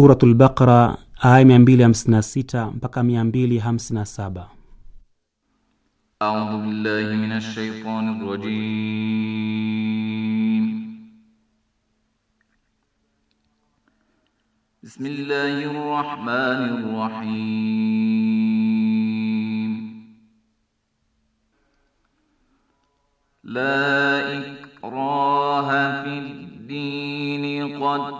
Suratul Baqara aya sita mpaka 257. A'udhu billahi minash shaitanir rajim. Bismillahir rahmanir rahim. La ikraha fid din qad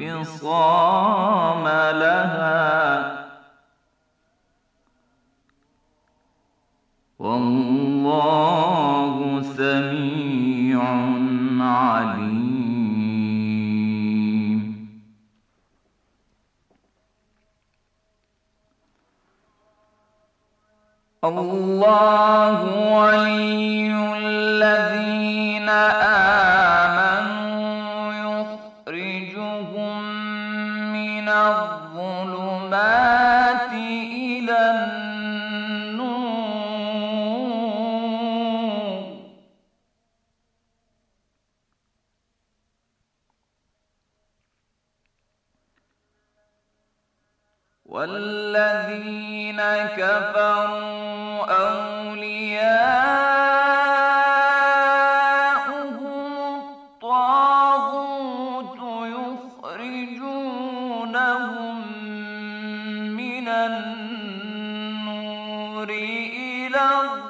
فصام لها والله سميع عليم الله ولي الذين آمنوا والذين كفروا أولياؤهم الطاغوت يخرجونهم من النور إلى الظلام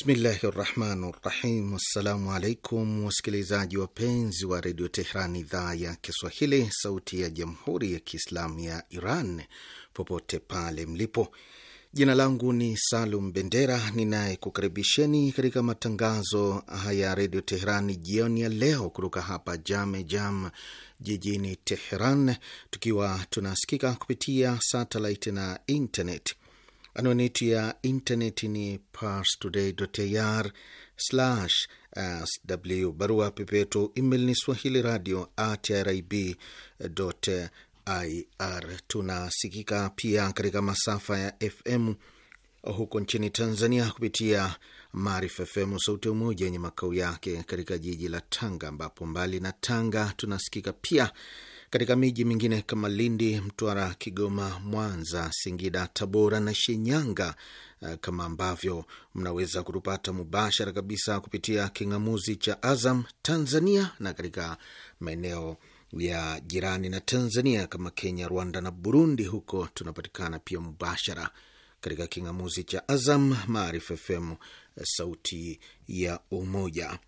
Bismillahi rahmani rahim. Assalamu alaikum wasikilizaji wapenzi wa redio Tehran, idhaa ya Kiswahili, sauti ya jamhuri ya kiislamu ya Iran, popote pale mlipo. Jina langu ni Salum Bendera ninayekukaribisheni katika matangazo haya ya redio Teherani jioni ya leo kutoka hapa Jame Jam jijini Teheran, tukiwa tunasikika kupitia satelit na internet. Anwani ya intaneti ni parstoday.ir/sw. Barua pepe yetu email ni swahili radio at ir. Tunasikika pia katika masafa ya FM huko nchini Tanzania kupitia Maarifa FM Sauti ya Umoja yenye makao yake katika jiji la Tanga, ambapo mbali na Tanga tunasikika pia katika miji mingine kama Lindi, Mtwara, Kigoma, Mwanza, Singida, Tabora na Shinyanga, eh, kama ambavyo mnaweza kutupata mubashara kabisa kupitia king'amuzi cha Azam Tanzania na katika maeneo ya jirani na Tanzania kama Kenya, Rwanda na Burundi. Huko tunapatikana pia mubashara katika king'amuzi cha Azam Maarifa FM, eh, sauti ya Umoja.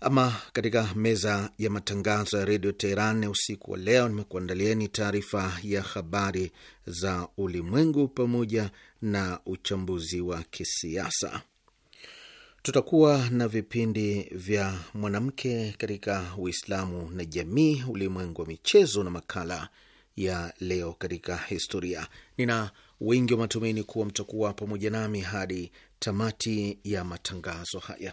Ama katika meza ya matangazo ya redio Teheran usiku wa leo, nimekuandalieni taarifa ya habari za ulimwengu pamoja na uchambuzi wa kisiasa. Tutakuwa na vipindi vya mwanamke katika Uislamu na jamii, ulimwengu wa michezo na makala ya leo katika historia. Nina wingi wa matumaini kuwa mtakuwa pamoja nami hadi tamati ya matangazo haya.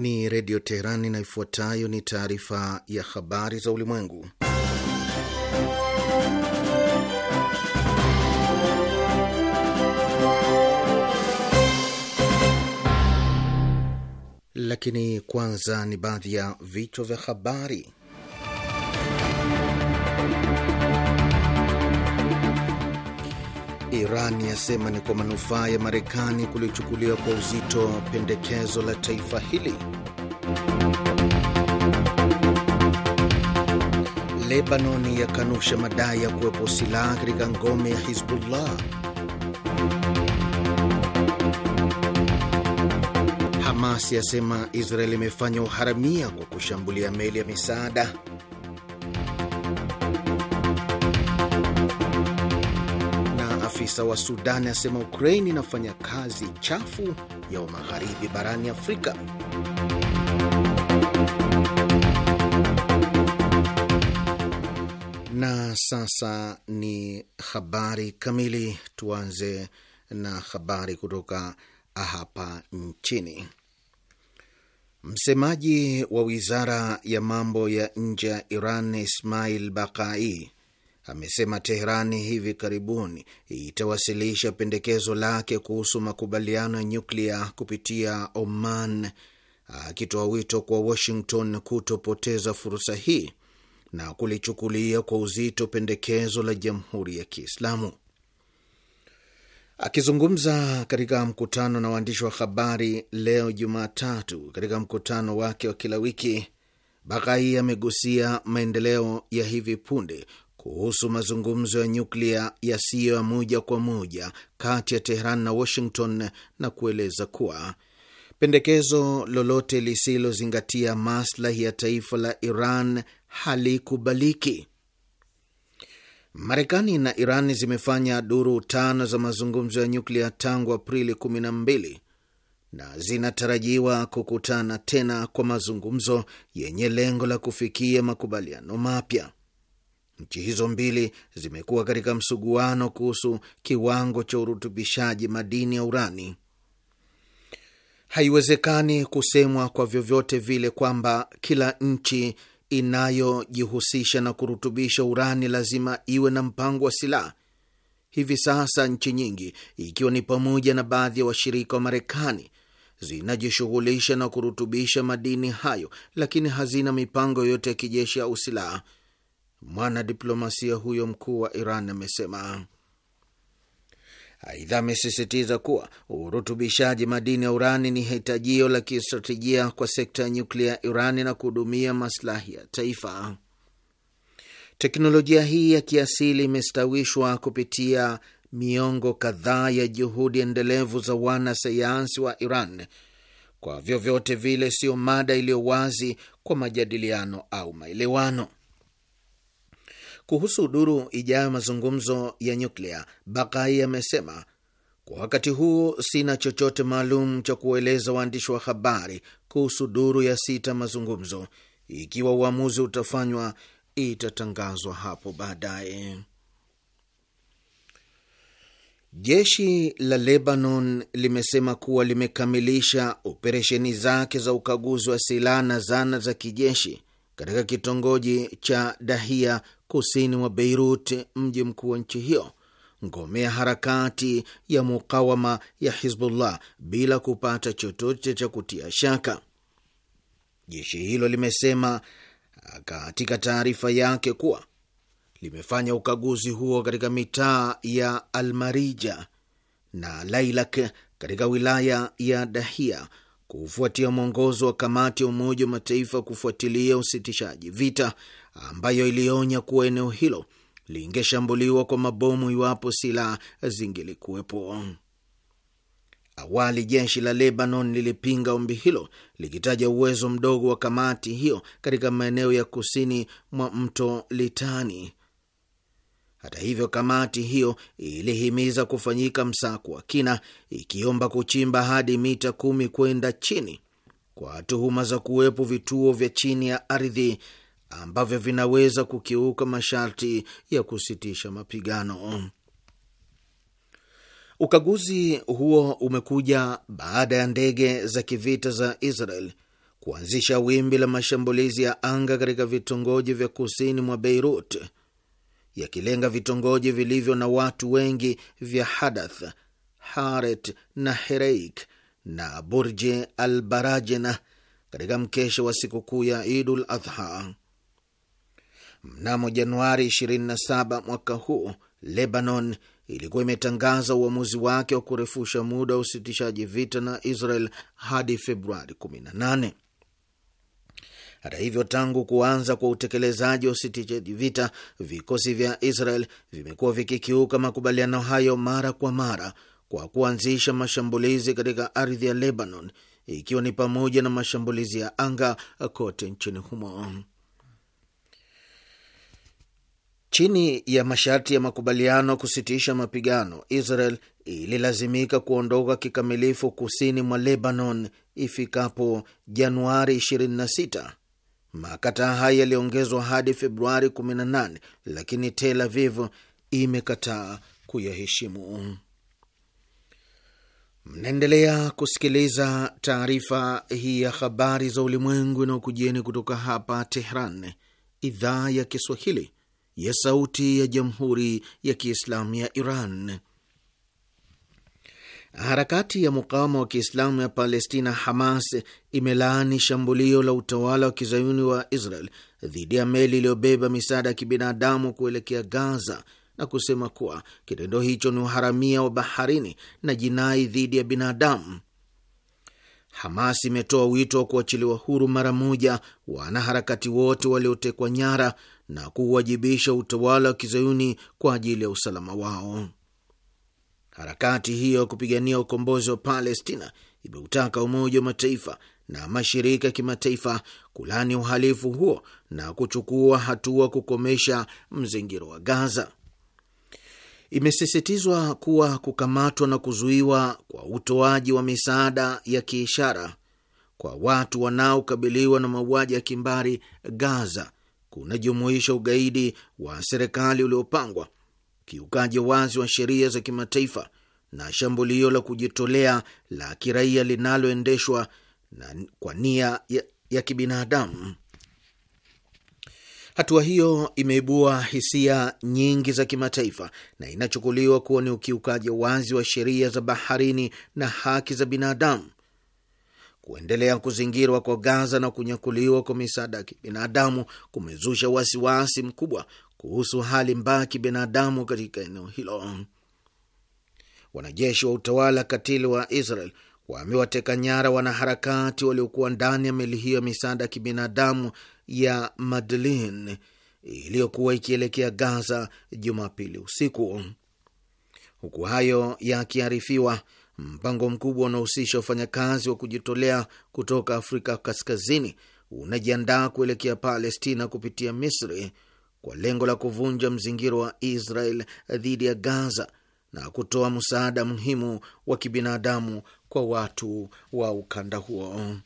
ni Redio Teherani na ifuatayo ni taarifa ya habari za ulimwengu. Lakini kwanza ni baadhi ya vichwa vya habari. Iran yasema ni kwa manufaa ya Marekani kulichukuliwa kwa uzito pendekezo la taifa hili. Lebanon yakanusha madai ya kuwepo silaha katika ngome ya Hizbullah. Hamas yasema Israeli imefanya uharamia kwa kushambulia meli ya misaada. Afisa wa Sudan asema Ukraini inafanya kazi chafu ya Magharibi barani Afrika. Na sasa ni habari kamili. Tuanze na habari kutoka hapa nchini. Msemaji wa wizara ya mambo ya nje ya Iran Ismail Bakai amesema Teherani hivi karibuni itawasilisha pendekezo lake kuhusu makubaliano ya nyuklia kupitia Oman, akitoa wito kwa Washington kutopoteza fursa hii na kulichukulia kwa uzito pendekezo la Jamhuri ya Kiislamu. Akizungumza katika mkutano na waandishi wa habari leo Jumatatu, katika mkutano wake wa kila wiki, Baghai amegusia maendeleo ya hivi punde kuhusu mazungumzo ya nyuklia yasiyo ya moja kwa moja kati ya Tehran na Washington na kueleza kuwa pendekezo lolote lisilozingatia maslahi ya taifa la Iran halikubaliki. Marekani na Iran zimefanya duru tano za mazungumzo ya nyuklia tangu Aprili 12 na zinatarajiwa kukutana tena kwa mazungumzo yenye lengo la kufikia makubaliano mapya. Nchi hizo mbili zimekuwa katika msuguano kuhusu kiwango cha urutubishaji madini ya urani. Haiwezekani kusemwa kwa vyovyote vile kwamba kila nchi inayojihusisha na kurutubisha urani lazima iwe na mpango wa silaha. Hivi sasa nchi nyingi, ikiwa ni pamoja na baadhi ya washirika wa Marekani, zinajishughulisha na kurutubisha madini hayo, lakini hazina mipango yoyote ya kijeshi au silaha mwanadiplomasia huyo mkuu wa Iran amesema. Aidha, amesisitiza kuwa urutubishaji madini ya urani ni hitajio la kistratejia kwa sekta ya nyuklia ya Irani na kuhudumia maslahi ya taifa. Teknolojia hii ya kiasili imestawishwa kupitia miongo kadhaa ya juhudi endelevu za wanasayansi wa Iran. Kwa vyovyote vile, sio mada iliyo wazi kwa majadiliano au maelewano. Kuhusu duru ijayo mazungumzo ya nyuklia, Bakai amesema kwa wakati huu sina chochote maalum cha kueleza waandishi wa habari kuhusu duru ya sita mazungumzo. Ikiwa uamuzi utafanywa, itatangazwa hapo baadaye. Jeshi la Lebanon limesema kuwa limekamilisha operesheni zake za ukaguzi wa silaha na zana za kijeshi katika kitongoji cha Dahia kusini mwa Beirut, mji mkuu wa nchi hiyo, ngome ya harakati ya mukawama ya Hizbullah, bila kupata chochote cha kutia shaka. Jeshi hilo limesema katika taarifa yake kuwa limefanya ukaguzi huo katika mitaa ya Almarija na Lailak katika wilaya ya Dahia kufuatia mwongozo wa kamati ya Umoja wa Mataifa kufuatilia usitishaji vita, ambayo ilionya kuwa eneo hilo lingeshambuliwa kwa mabomu iwapo silaha zingelikuwepo. Awali jeshi la Lebanon lilipinga ombi hilo likitaja uwezo mdogo wa kamati hiyo katika maeneo ya kusini mwa mto Litani hata hivyo, kamati hiyo ilihimiza kufanyika msako wa kina, ikiomba kuchimba hadi mita kumi kwenda chini kwa tuhuma za kuwepo vituo vya chini ya ardhi ambavyo vinaweza kukiuka masharti ya kusitisha mapigano. Ukaguzi huo umekuja baada ya ndege za kivita za Israel kuanzisha wimbi la mashambulizi ya anga katika vitongoji vya kusini mwa Beirut yakilenga vitongoji vilivyo na watu wengi vya Hadath, Haret na Hereik na Burje al Barajena katika mkesha wa sikukuu ya Idul Adha. Mnamo Januari 27 mwaka huu, Lebanon ilikuwa imetangaza uamuzi wake wa kurefusha muda wa usitishaji vita na Israel hadi Februari 18. Hata hivyo, tangu kuanza kwa utekelezaji wa usitishaji vita, vikosi vya Israel vimekuwa vikikiuka makubaliano hayo mara kwa mara kwa kuanzisha mashambulizi katika ardhi ya Lebanon, ikiwa ni pamoja na mashambulizi ya anga kote nchini humo. Chini ya masharti ya makubaliano kusitisha mapigano, Israel ililazimika kuondoka kikamilifu kusini mwa Lebanon ifikapo Januari 26 Makataa haya yaliongezwa hadi Februari 18 lakini Tel Aviv imekataa kuyaheshimu. Mnaendelea kusikiliza taarifa hii ya habari za ulimwengu inayokujieni kutoka hapa Tehran, idhaa ya Kiswahili ya Sauti ya Jamhuri ya Kiislamu ya Iran. Harakati ya mukawama wa Kiislamu ya Palestina, Hamas, imelaani shambulio la utawala wa kizayuni wa Israel dhidi ya meli iliyobeba misaada ya kibinadamu kuelekea Gaza na kusema kuwa kitendo hicho ni uharamia wa baharini na jinai dhidi ya binadamu. Hamas imetoa wito wa kuachiliwa huru mara moja wanaharakati wote waliotekwa nyara na kuuwajibisha utawala wa kizayuni kwa ajili ya usalama wao. Harakati hiyo ya kupigania ukombozi wa Palestina imeutaka Umoja wa Mataifa na mashirika ya kimataifa kulani uhalifu huo na kuchukua hatua kukomesha mzingiro wa Gaza. Imesisitizwa kuwa kukamatwa na kuzuiwa kwa utoaji wa misaada ya kiishara kwa watu wanaokabiliwa na mauaji ya kimbari Gaza kunajumuisha ugaidi wa serikali uliopangwa ukiukaji wazi wa sheria za kimataifa na shambulio la kujitolea la kiraia linaloendeshwa kwa nia ya, ya kibinadamu. Hatua hiyo imeibua hisia nyingi za kimataifa na inachukuliwa kuwa ni ukiukaji wazi wa sheria za baharini na haki za binadamu. Kuendelea kuzingirwa kwa Gaza na kunyakuliwa kwa misaada ya kibinadamu kumezusha wasiwasi mkubwa kuhusu hali mbaya kibinadamu katika eneo hilo. Wanajeshi wa utawala katili wa Israel wamewateka nyara wanaharakati waliokuwa ndani ya meli hiyo ya misaada ya kibinadamu ya Madlin iliyokuwa ikielekea Gaza Jumapili usiku. Huku hayo yakiarifiwa, mpango mkubwa unaohusisha wafanyakazi wa kujitolea kutoka Afrika Kaskazini unajiandaa kuelekea Palestina kupitia Misri kwa lengo la kuvunja mzingiro wa Israel dhidi ya Gaza na kutoa msaada muhimu wa kibinadamu kwa watu wa ukanda huo.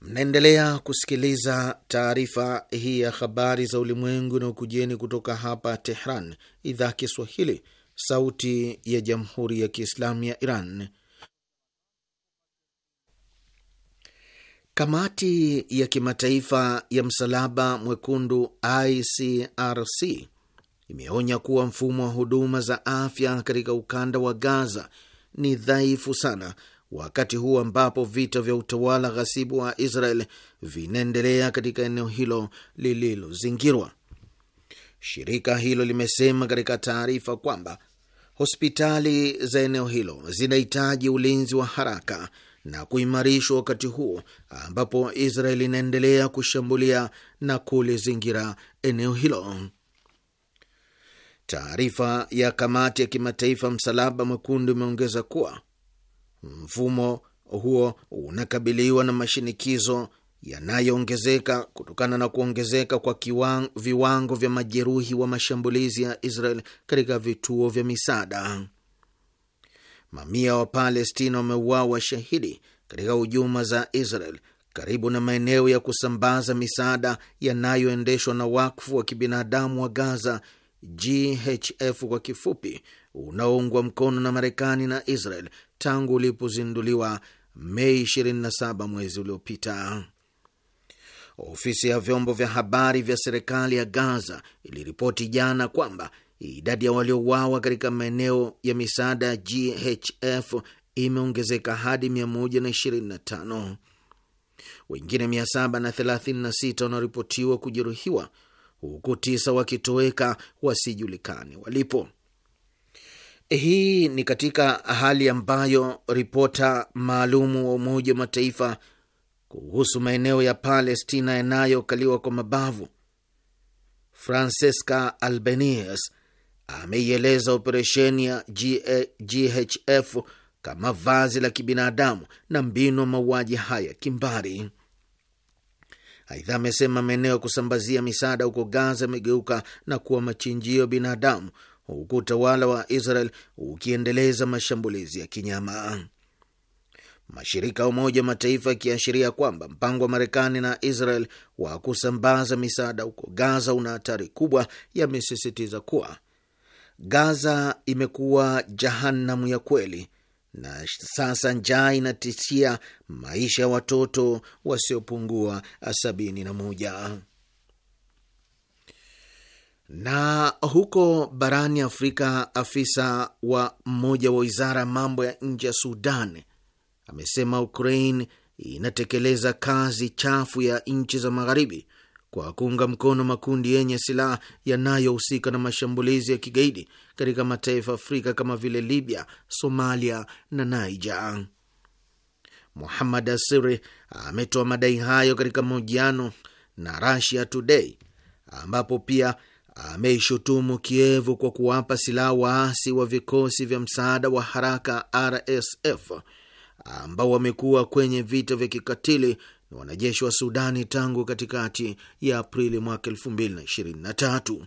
Mnaendelea kusikiliza taarifa hii ya habari za ulimwengu na ukujeni kutoka hapa Tehran, idhaa Kiswahili, sauti ya jamhuri ya kiislamu ya Iran. Kamati ya Kimataifa ya Msalaba Mwekundu ICRC imeonya kuwa mfumo wa huduma za afya katika ukanda wa Gaza ni dhaifu sana wakati huu ambapo vita vya utawala ghasibu wa Israel vinaendelea katika eneo hilo lililozingirwa. Shirika hilo limesema katika taarifa kwamba hospitali za eneo hilo zinahitaji ulinzi wa haraka na kuimarishwa wakati huu ambapo Israeli inaendelea kushambulia na kulizingira eneo hilo. Taarifa ya kamati ya kimataifa Msalaba Mwekundu imeongeza kuwa mfumo huo unakabiliwa na mashinikizo yanayoongezeka kutokana na kuongezeka kwa kiwang, viwango vya majeruhi wa mashambulizi ya Israel katika vituo vya misaada mamia wa Palestina wameuawa shahidi katika hujuma za Israel karibu na maeneo ya kusambaza misaada yanayoendeshwa na wakfu wa kibinadamu wa Gaza, GHF kwa kifupi, unaoungwa mkono na Marekani na Israel tangu ulipozinduliwa Mei 27 mwezi uliopita. Ofisi ya vyombo vya habari vya serikali ya Gaza iliripoti jana kwamba idadi ya waliouawa katika maeneo ya misaada GHF imeongezeka hadi 125. Wengine 736 wanaripotiwa kujeruhiwa huku tisa wakitoweka wasijulikani walipo. Hii ni katika hali ambayo ripota maalumu wa Umoja wa Mataifa kuhusu maeneo ya Palestina yanayokaliwa kwa mabavu Francesca Albanese ameieleza operesheni ya GHF kama vazi la kibinadamu na mbinu ya mauaji haya kimbari. Aidha, amesema maeneo ya kusambazia misaada huko Gaza yamegeuka na kuwa machinjio binadamu, huku utawala wa Israel ukiendeleza mashambulizi ya kinyama. Mashirika ya Umoja wa Mataifa yakiashiria kwamba mpango wa Marekani na Israel wa kusambaza misaada huko Gaza una hatari kubwa, yamesisitiza kuwa Gaza imekuwa jahanamu ya kweli, na sasa njaa inatishia maisha ya watoto wasiopungua sabini na moja. Na huko barani Afrika, afisa wa mmoja wa wizara ya mambo ya nje ya Sudan amesema Ukraine inatekeleza kazi chafu ya nchi za Magharibi kwa kuunga mkono makundi yenye silaha yanayohusika na mashambulizi ya kigaidi katika mataifa Afrika kama vile Libya, Somalia na Niger. Muhammad Asiri ametoa madai hayo katika mahojiano na Russia Today, ambapo pia ameishutumu Kievu kwa kuwapa silaha waasi wa vikosi vya msaada wa haraka RSF ambao wamekuwa kwenye vita vya kikatili na wanajeshi wa Sudani tangu katikati ya Aprili mwaka 2023.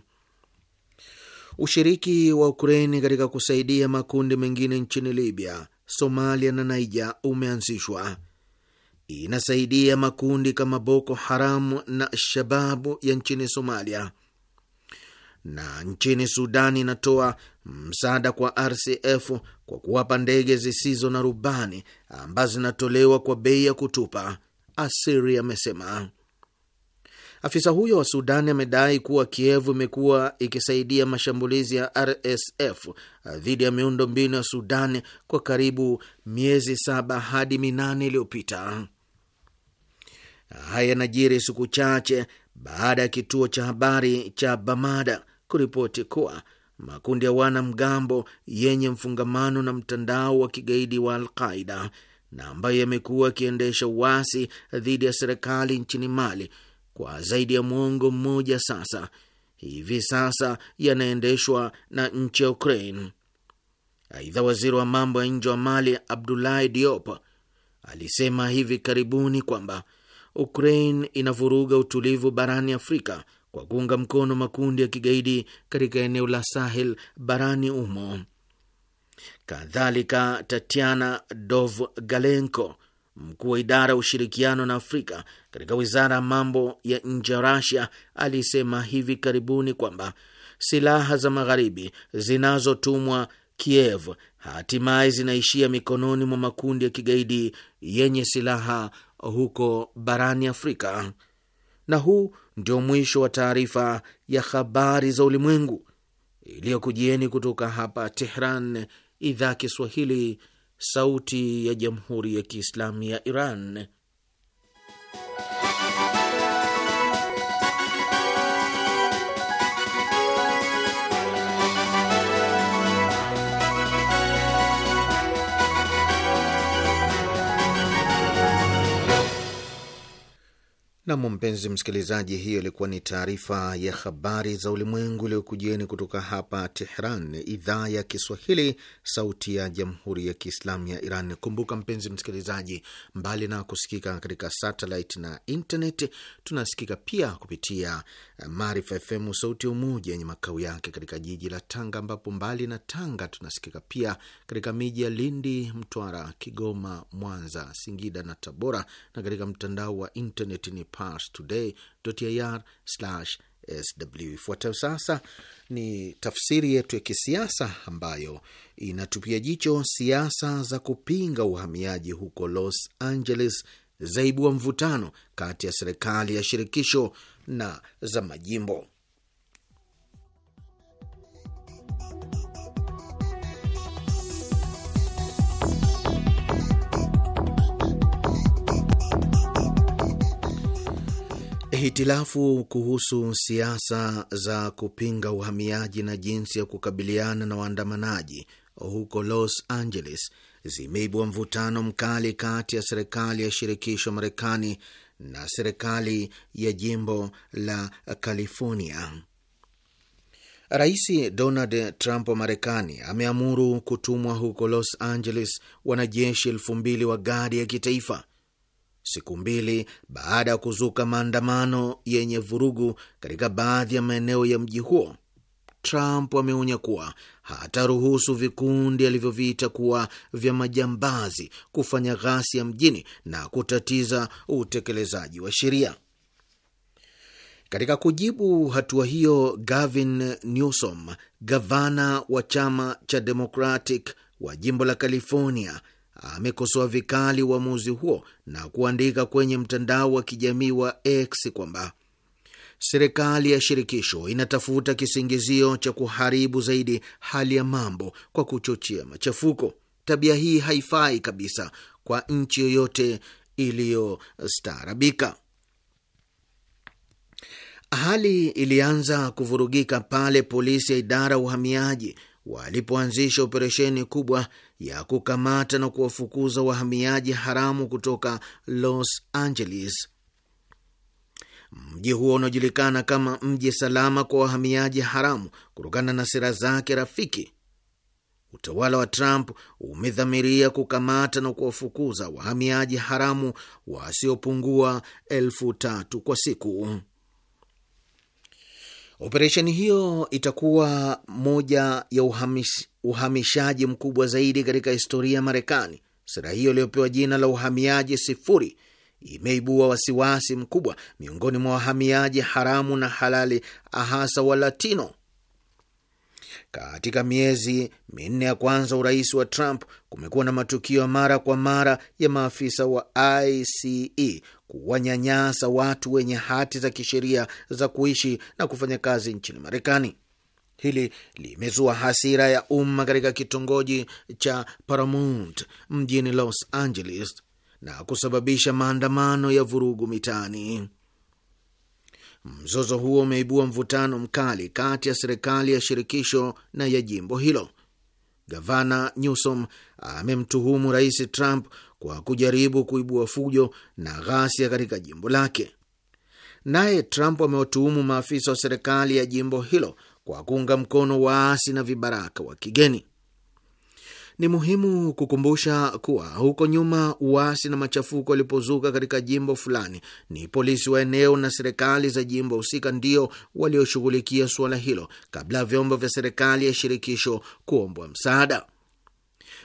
Ushiriki wa Ukraini katika kusaidia makundi mengine nchini Libya, Somalia na Naija umeanzishwa. Inasaidia makundi kama Boko Haram na Shababu ya nchini Somalia na nchini Sudani inatoa msaada kwa RCF kwa kuwapa ndege zisizo na rubani ambazo zinatolewa kwa bei ya kutupa. Asiri amesema. Afisa huyo wa Sudani amedai kuwa Kievu imekuwa ikisaidia mashambulizi ya RSF uh, dhidi ya miundo mbinu ya Sudani kwa karibu miezi saba hadi minane iliyopita. Haya yanajiri siku chache baada ya kituo cha habari cha Bamada kuripoti kuwa makundi ya wanamgambo yenye mfungamano na mtandao wa kigaidi wa Alqaida na ambaye amekuwa akiendesha uasi dhidi ya serikali nchini Mali kwa zaidi ya mwongo mmoja sasa, hivi sasa yanaendeshwa na nchi ya Ukraine. Aidha, waziri wa mambo ya nje wa Mali Abdoulaye Diop alisema hivi karibuni kwamba Ukraine inavuruga utulivu barani Afrika kwa kuunga mkono makundi ya kigaidi katika eneo la Sahel barani humo. Kadhalika, Tatiana Dovgalenko, mkuu wa idara ya ushirikiano na Afrika katika wizara ya mambo ya nje ya Rasia, alisema hivi karibuni kwamba silaha za magharibi zinazotumwa Kiev hatimaye zinaishia mikononi mwa makundi ya kigaidi yenye silaha huko barani Afrika. Na huu ndio mwisho wa taarifa ya habari za ulimwengu iliyokujieni kutoka hapa Tehran, idhaa Kiswahili, sauti ya jamhuri ya kiislamu ya Iran. Nam, mpenzi msikilizaji, hiyo ilikuwa ni taarifa ya habari za ulimwengu iliyokujieni kutoka hapa Tehran, idhaa ya Kiswahili, sauti ya jamhuri ya kiislamu ya Iran. Kumbuka mpenzi msikilizaji, mbali na kusikika katika satellite na internet, tunasikika pia kupitia eh, Maarifa FM sauti ya Umoja yenye makao yake katika jiji la Tanga, ambapo mbali na Tanga tunasikika pia katika miji ya Lindi, Mtwara, Kigoma, Mwanza, Singida na Tabora, na katika mtandao wa internet ni parstoday.ir/sw. Ifuatayo sasa ni tafsiri yetu ya kisiasa ambayo inatupia jicho siasa za kupinga uhamiaji huko Los Angeles zaibu wa mvutano kati ya serikali ya shirikisho na za majimbo. Hitilafu kuhusu siasa za kupinga uhamiaji na jinsi ya kukabiliana na waandamanaji huko Los Angeles zimeibua mvutano mkali kati ya serikali ya shirikisho Marekani na serikali ya jimbo la California. Rais Donald Trump wa Marekani ameamuru kutumwa huko Los Angeles wanajeshi elfu mbili wa gadi ya kitaifa siku mbili baada ya kuzuka maandamano yenye vurugu katika baadhi ya maeneo ya mji huo. Trump ameonya kuwa hataruhusu vikundi alivyoviita kuwa vya majambazi kufanya ghasia mjini na kutatiza utekelezaji wa sheria. Katika kujibu hatua hiyo, Gavin Newsom, gavana wa chama cha Democratic wa jimbo la California, amekosoa vikali uamuzi huo na kuandika kwenye mtandao wa kijamii wa X kwamba serikali ya shirikisho inatafuta kisingizio cha kuharibu zaidi hali ya mambo kwa kuchochea machafuko. Tabia hii haifai kabisa kwa nchi yoyote iliyostaarabika. Hali ilianza kuvurugika pale polisi ya idara ya uhamiaji walipoanzisha operesheni kubwa ya kukamata na kuwafukuza wahamiaji haramu kutoka Los Angeles. Mji huo unaojulikana kama mji salama kwa wahamiaji haramu kutokana na sera zake rafiki. Utawala wa Trump umedhamiria kukamata na kuwafukuza wahamiaji haramu wasiopungua elfu tatu kwa siku. Operesheni hiyo itakuwa moja ya uhamish, uhamishaji mkubwa zaidi katika historia ya Marekani. Sera hiyo iliyopewa jina la uhamiaji sifuri imeibua wasiwasi mkubwa miongoni mwa wahamiaji haramu na halali, hasa wa Latino katika miezi minne ya kwanza urais wa Trump, kumekuwa na matukio ya mara kwa mara ya maafisa wa ICE kuwanyanyasa watu wenye hati za kisheria za kuishi na kufanya kazi nchini Marekani. Hili limezua hasira ya umma katika kitongoji cha Paramount mjini Los Angeles na kusababisha maandamano ya vurugu mitaani. Mzozo huo umeibua mvutano mkali kati ya serikali ya shirikisho na ya jimbo hilo. Gavana Newsom amemtuhumu Rais Trump kwa kujaribu kuibua fujo na ghasia katika jimbo lake. Naye Trump amewatuhumu maafisa wa serikali ya jimbo hilo kwa kuunga mkono waasi na vibaraka wa kigeni. Ni muhimu kukumbusha kuwa huko nyuma uasi na machafuko yalipozuka katika jimbo fulani, ni polisi wa eneo na serikali za jimbo husika ndio walioshughulikia suala hilo kabla ya vyombo vya serikali ya shirikisho kuombwa msaada.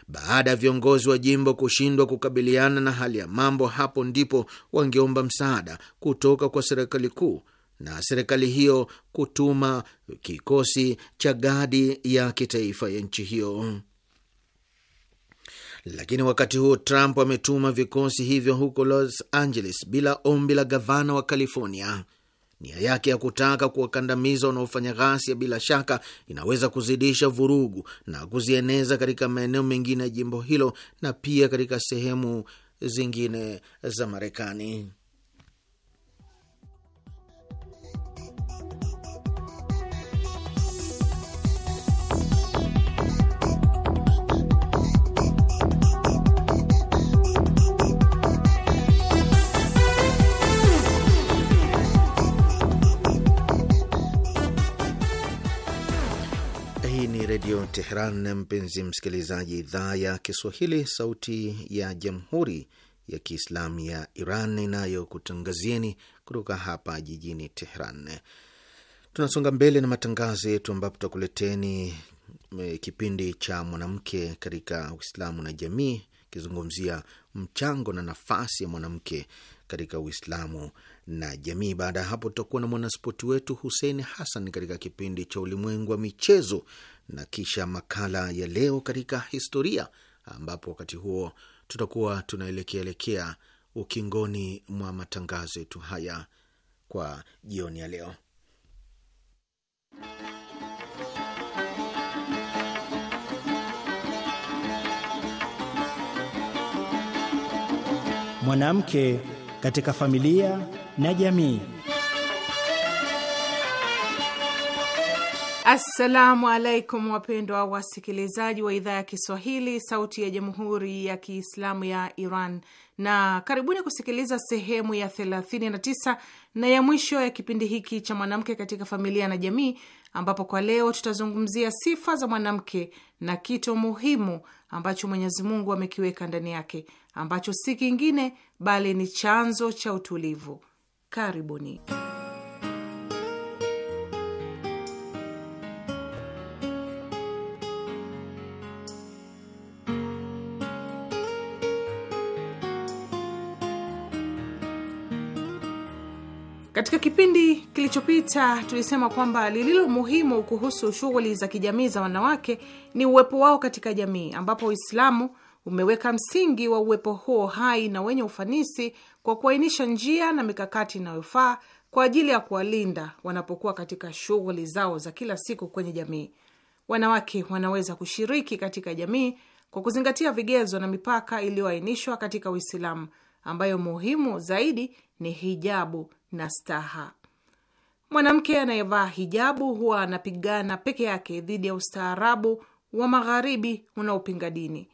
Baada ya viongozi wa jimbo kushindwa kukabiliana na hali ya mambo, hapo ndipo wangeomba msaada kutoka kwa serikali kuu na serikali hiyo kutuma kikosi cha gadi ya kitaifa ya nchi hiyo. Lakini wakati huo Trump ametuma vikosi hivyo huko Los Angeles bila ombi la gavana wa California. Nia yake ya kutaka kuwakandamiza wanaofanya ghasia bila shaka inaweza kuzidisha vurugu na kuzieneza katika maeneo mengine ya jimbo hilo na pia katika sehemu zingine za Marekani. Redio Teheran, mpenzi msikilizaji, idhaa ya Kiswahili, sauti ya jamhuri ya Kiislamu ya Iran inayokutangazieni kutoka hapa jijini Teheran. Tunasonga mbele na matangazo yetu, ambapo tutakuleteni e, kipindi cha mwanamke katika Uislamu na jamii, kizungumzia mchango na nafasi ya mwanamke katika Uislamu na jamii. Baada ya hapo, tutakuwa na mwanaspoti wetu Husein Hassan katika kipindi cha ulimwengu wa michezo na kisha makala ya leo katika historia, ambapo wakati huo tutakuwa tunaelekeaelekea elekea ukingoni mwa matangazo yetu haya kwa jioni ya leo. Mwanamke katika familia na jamii. Assalamu alaikum, wapendwa wasikilizaji wa idhaa ya Kiswahili, Sauti ya Jamhuri ya Kiislamu ya Iran, na karibuni kusikiliza sehemu ya 39 na ya mwisho ya kipindi hiki cha Mwanamke katika Familia na Jamii, ambapo kwa leo tutazungumzia sifa za mwanamke na kito muhimu ambacho Mwenyezi Mungu amekiweka ndani yake, ambacho si kingine bali ni chanzo cha utulivu Karibuni. Katika kipindi kilichopita tulisema kwamba lililo muhimu kuhusu shughuli za kijamii za wanawake ni uwepo wao katika jamii, ambapo Uislamu umeweka msingi wa uwepo huo hai na wenye ufanisi kwa kuainisha njia na mikakati inayofaa kwa ajili ya kuwalinda wanapokuwa katika shughuli zao za kila siku kwenye jamii. Wanawake wanaweza kushiriki katika jamii kwa kuzingatia vigezo na mipaka iliyoainishwa katika Uislamu, ambayo muhimu zaidi ni hijabu na staha. Mwanamke anayevaa hijabu huwa anapigana peke yake dhidi ya ustaarabu wa Magharibi unaopinga dini.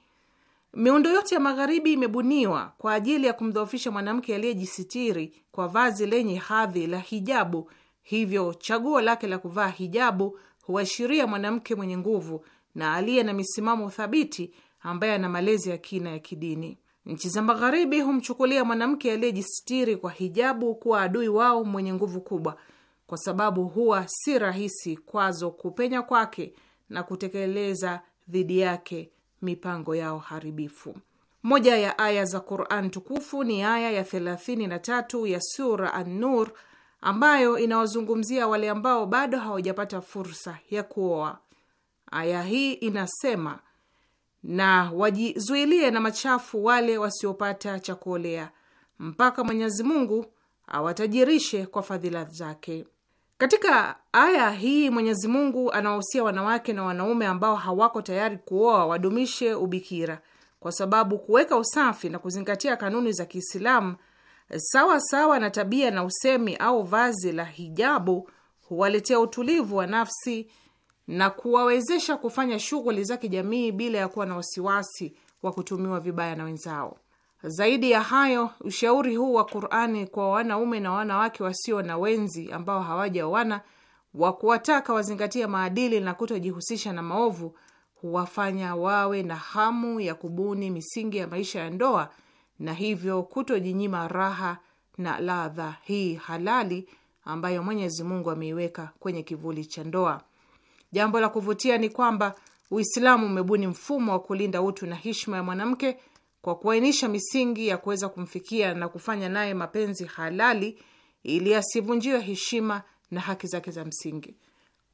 Miundo yote ya Magharibi imebuniwa kwa ajili ya kumdhoofisha mwanamke aliyejisitiri kwa vazi lenye hadhi la hijabu. Hivyo chaguo lake la kuvaa hijabu huashiria mwanamke mwenye nguvu na aliye na misimamo thabiti ambaye ana malezi ya kina ya kidini. Nchi za Magharibi humchukulia mwanamke aliyejisitiri kwa hijabu kuwa adui wao mwenye nguvu kubwa, kwa sababu huwa si rahisi kwazo kupenya kwake na kutekeleza dhidi yake mipango yao haribifu. Moja ya aya za Quran tukufu ni aya ya 33 ya sura An-Nur ambayo inawazungumzia wale ambao bado hawajapata fursa ya kuoa. Aya hii inasema, na wajizuilie na machafu wale wasiopata cha kuolea mpaka Mwenyezi Mungu awatajirishe kwa fadhila zake. Katika aya hii Mwenyezi Mungu anawahusia wanawake na wanaume ambao hawako tayari kuoa wadumishe ubikira, kwa sababu kuweka usafi na kuzingatia kanuni za Kiislamu sawa sawa na tabia na usemi au vazi la hijabu huwaletea utulivu wa nafsi na kuwawezesha kufanya shughuli za kijamii bila ya kuwa na wasiwasi wa kutumiwa vibaya na wenzao. Zaidi ya hayo, ushauri huu wa Qur'ani kwa wanaume na wanawake wasio na wenzi ambao hawajaoana wa kuwataka wazingatia maadili na kutojihusisha na maovu huwafanya wawe na hamu ya kubuni misingi ya maisha ya ndoa na hivyo kutojinyima raha na ladha hii halali ambayo Mwenyezi Mungu ameiweka kwenye kivuli cha ndoa. Jambo la kuvutia ni kwamba Uislamu umebuni mfumo wa kulinda utu na heshima ya mwanamke kwa kuainisha misingi ya kuweza kumfikia na kufanya naye mapenzi halali ili asivunjiwe heshima na haki zake za msingi.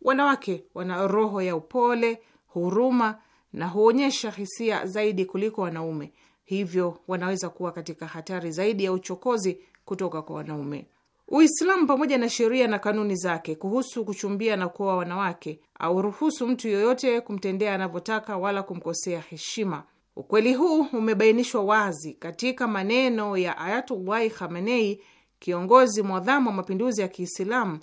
Wanawake wana roho ya upole, huruma na huonyesha hisia zaidi kuliko wanaume, hivyo wanaweza kuwa katika hatari zaidi ya uchokozi kutoka kwa wanaume. Uislamu pamoja na sheria na kanuni zake kuhusu kuchumbia na kuoa wanawake, auruhusu mtu yoyote kumtendea anavyotaka wala kumkosea heshima. Ukweli huu umebainishwa wazi katika maneno ya Ayatullahi Khamenei, kiongozi mwadhamu wa mapinduzi ya Kiislamu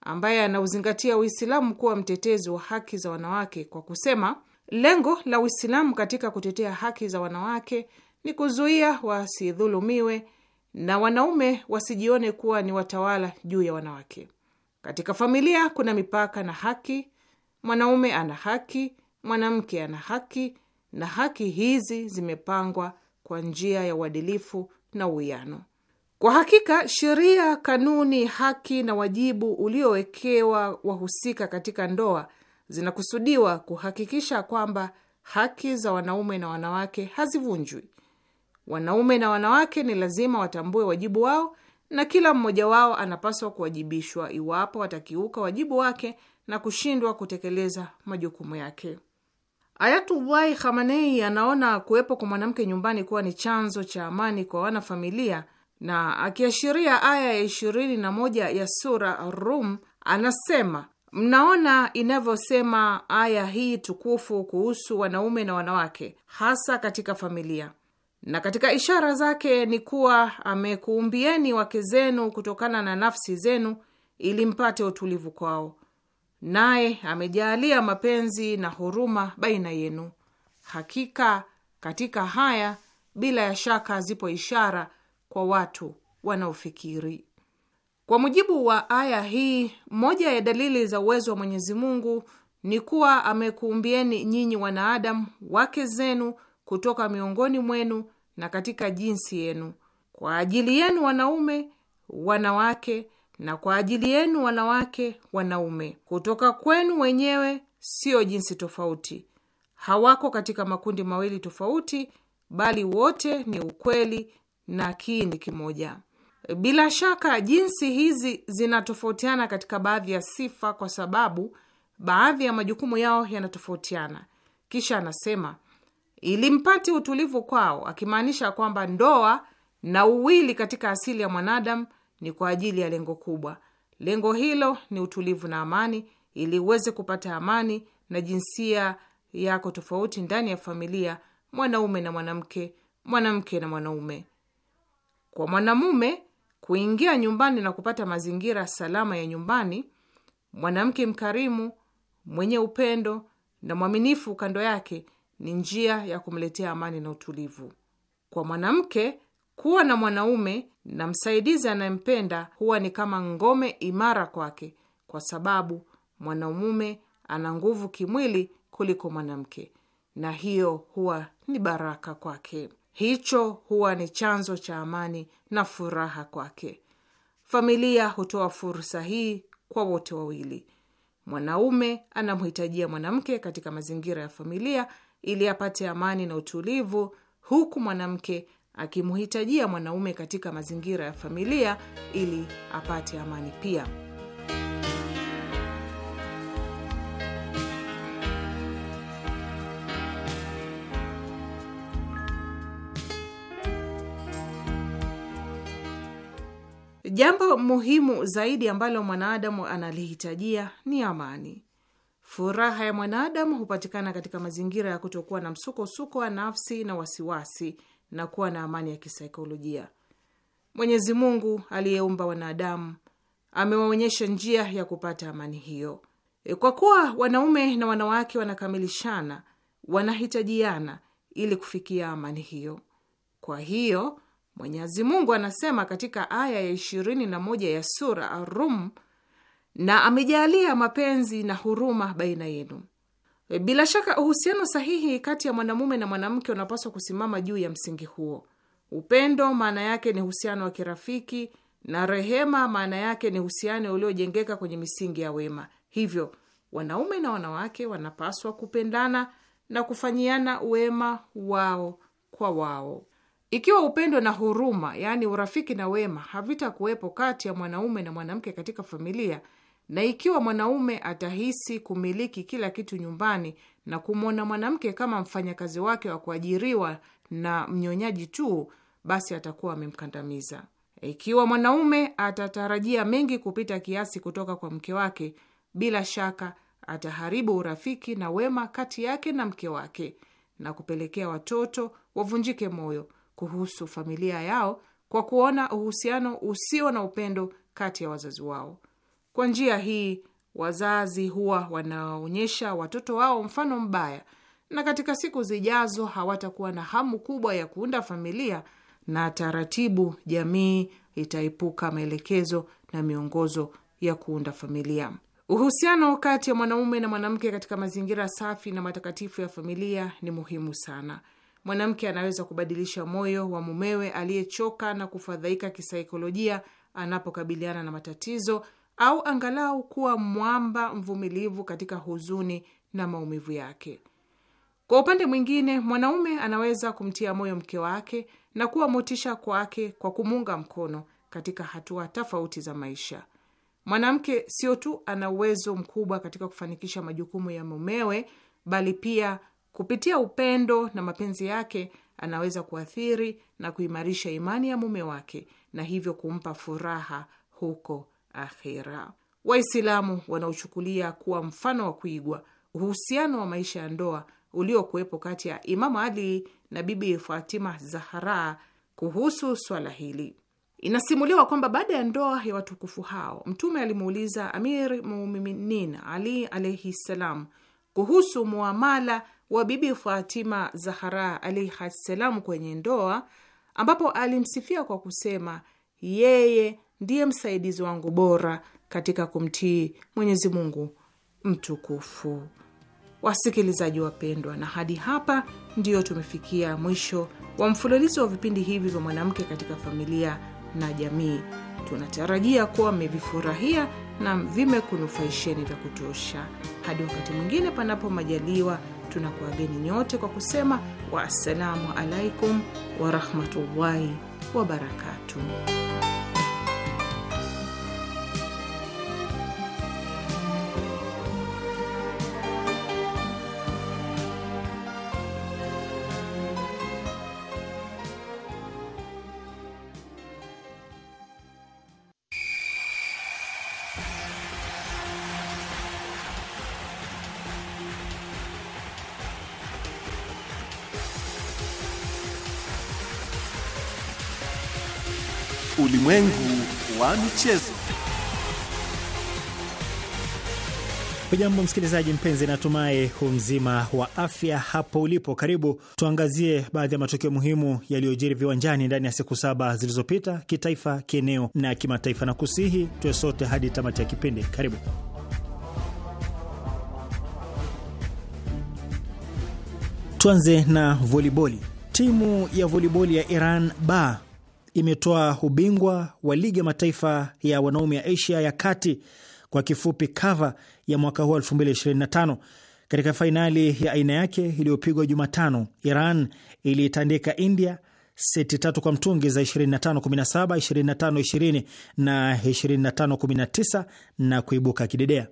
ambaye anauzingatia Uislamu kuwa mtetezi wa haki za wanawake kwa kusema, lengo la Uislamu katika kutetea haki za wanawake ni kuzuia wasidhulumiwe na wanaume wasijione kuwa ni watawala juu ya wanawake. Katika familia kuna mipaka na haki. Mwanaume ana haki, mwanamke ana haki, na haki hizi zimepangwa kwa njia ya uadilifu na uwiano. Kwa hakika sheria, kanuni, haki na wajibu uliowekewa wahusika katika ndoa zinakusudiwa kuhakikisha kwamba haki za wanaume na wanawake hazivunjwi. Wanaume na wanawake ni lazima watambue wajibu wao na kila mmoja wao anapaswa kuwajibishwa iwapo watakiuka wajibu wake na kushindwa kutekeleza majukumu yake wai Khamenei anaona kuwepo kwa mwanamke nyumbani kuwa ni chanzo cha amani kwa wanafamilia, na akiashiria aya ya ishirini na moja ya sura Rum anasema Mnaona inavyosema aya hii tukufu kuhusu wanaume na wanawake, hasa katika familia. Na katika ishara zake ni kuwa amekuumbieni wake zenu kutokana na nafsi zenu, ili mpate utulivu kwao, naye amejaalia mapenzi na huruma baina yenu. Hakika katika haya bila ya shaka zipo ishara kwa watu wanaofikiri. Kwa mujibu wa aya hii, moja ya dalili za uwezo wa Mwenyezi Mungu ni kuwa amekuumbieni nyinyi wanaadamu wake zenu kutoka miongoni mwenu na katika jinsi yenu, kwa ajili yenu wanaume, wanawake na kwa ajili yenu wanawake, wanaume kutoka kwenu wenyewe, siyo jinsi tofauti, hawako katika makundi mawili tofauti, bali wote ni ukweli na kiini kimoja. Bila shaka jinsi hizi zinatofautiana katika baadhi ya sifa, kwa sababu baadhi ya majukumu yao yanatofautiana. Kisha anasema ili mpate utulivu kwao, akimaanisha kwamba ndoa na uwili katika asili ya mwanadamu ni kwa ajili ya lengo kubwa. Lengo hilo ni utulivu na amani, ili uweze kupata amani na jinsia yako tofauti ndani ya familia, mwanaume na mwanamke, mwanamke na mwanaume. Kwa mwanamume kuingia nyumbani na kupata mazingira salama ya nyumbani, mwanamke mkarimu, mwenye upendo na mwaminifu kando yake ni njia ya kumletea amani na utulivu. Kwa mwanamke kuwa na mwanaume na msaidizi anayempenda huwa ni kama ngome imara kwake, kwa sababu mwanamume ana nguvu kimwili kuliko mwanamke, na hiyo huwa ni baraka kwake. Hicho huwa ni chanzo cha amani na furaha kwake. Familia hutoa fursa hii kwa wote wawili. Mwanaume anamhitajia mwanamke katika mazingira ya familia ili apate amani na utulivu, huku mwanamke akimhitajia mwanaume katika mazingira ya familia ili apate amani pia. Jambo muhimu zaidi ambalo mwanadamu analihitajia ni amani. Furaha ya mwanadamu hupatikana katika mazingira ya kutokuwa na msukosuko wa nafsi na wasiwasi na kuwa na amani ya kisaikolojia. Mwenyezi Mungu aliyeumba wanadamu amewaonyesha njia ya kupata amani hiyo. E, kwa kuwa wanaume na wanawake wanakamilishana, wanahitajiana ili kufikia amani hiyo. Kwa hiyo Mwenyezi Mungu anasema katika aya ya ishirini na moja ya sura Arum, na amejaalia mapenzi na huruma baina yenu bila shaka uhusiano sahihi kati ya mwanamume na mwanamke unapaswa kusimama juu ya msingi huo. Upendo maana yake ni uhusiano wa kirafiki, na rehema maana yake ni uhusiano uliojengeka kwenye misingi ya wema. Hivyo wanaume na wanawake wanapaswa kupendana na kufanyiana wema wao kwa wao. Ikiwa upendo na huruma, yaani urafiki na wema, havitakuwepo kati ya mwanaume na mwanamke katika familia na ikiwa mwanaume atahisi kumiliki kila kitu nyumbani na kumwona mwanamke kama mfanyakazi wake wa kuajiriwa na mnyonyaji tu, basi atakuwa amemkandamiza. Ikiwa mwanaume atatarajia mengi kupita kiasi kutoka kwa mke wake, bila shaka ataharibu urafiki na wema kati yake na mke wake na kupelekea watoto wavunjike moyo kuhusu familia yao kwa kuona uhusiano usio na upendo kati ya wazazi wao. Kwa njia hii wazazi huwa wanaonyesha watoto wao mfano mbaya, na katika siku zijazo hawatakuwa na hamu kubwa ya kuunda familia, na taratibu jamii itaepuka maelekezo na miongozo ya kuunda familia. Uhusiano kati ya mwanaume na mwanamke katika mazingira safi na matakatifu ya familia ni muhimu sana. Mwanamke anaweza kubadilisha moyo wa mumewe aliyechoka na kufadhaika kisaikolojia anapokabiliana na matatizo au angalau kuwa mwamba mvumilivu katika huzuni na maumivu yake. Kwa upande mwingine, mwanaume anaweza kumtia moyo mke wake na kuwa motisha kwake kwa kumuunga mkono katika hatua tofauti za maisha. Mwanamke sio tu ana uwezo mkubwa katika kufanikisha majukumu ya mumewe, bali pia kupitia upendo na mapenzi yake anaweza kuathiri na kuimarisha imani ya mume wake na hivyo kumpa furaha huko akhira. Waislamu wanaochukulia kuwa mfano wa kuigwa uhusiano wa maisha ya ndoa uliokuwepo kati ya Imamu Ali na Bibi Fatima Zahara. Kuhusu swala hili, inasimuliwa kwamba baada ya ndoa ya watukufu hao, Mtume alimuuliza Amir Muminin Ali alaihi ssalam kuhusu muamala wa Bibi Fatima Zahara alaihi ssalam kwenye ndoa, ambapo alimsifia kwa kusema yeye ndiye msaidizi wangu bora katika kumtii Mwenyezi Mungu mtukufu. Wasikilizaji wapendwa, na hadi hapa ndiyo tumefikia mwisho wa mfululizo wa vipindi hivi vya mwanamke katika familia na jamii. Tunatarajia kuwa mmevifurahia na vimekunufaisheni vya kutosha. Hadi wakati mwingine, panapo majaliwa, tunakuageni nyote kwa kusema waassalamu alaikum warahmatullahi wabarakatuh. Ulimwengu wa michezo. Hujambo msikilizaji mpenzi, natumai mzima wa afya hapo ulipo. Karibu tuangazie baadhi ya matukio muhimu yaliyojiri viwanjani ndani ya siku saba zilizopita, kitaifa, kieneo na kimataifa, na kusihi tuwe sote hadi tamati ya kipindi. Karibu. Tuanze na voliboli. Timu ya voliboli ya Iran ba imetoa ubingwa wa ligi ya mataifa ya wanaume ya Asia ya kati kwa kifupi kava ya mwaka huu 2025. Katika fainali ya aina yake iliyopigwa Jumatano, Iran iliitandika India seti tatu kwa mtungi za 25 17, 25 20 na 25 19 na kuibuka kidedea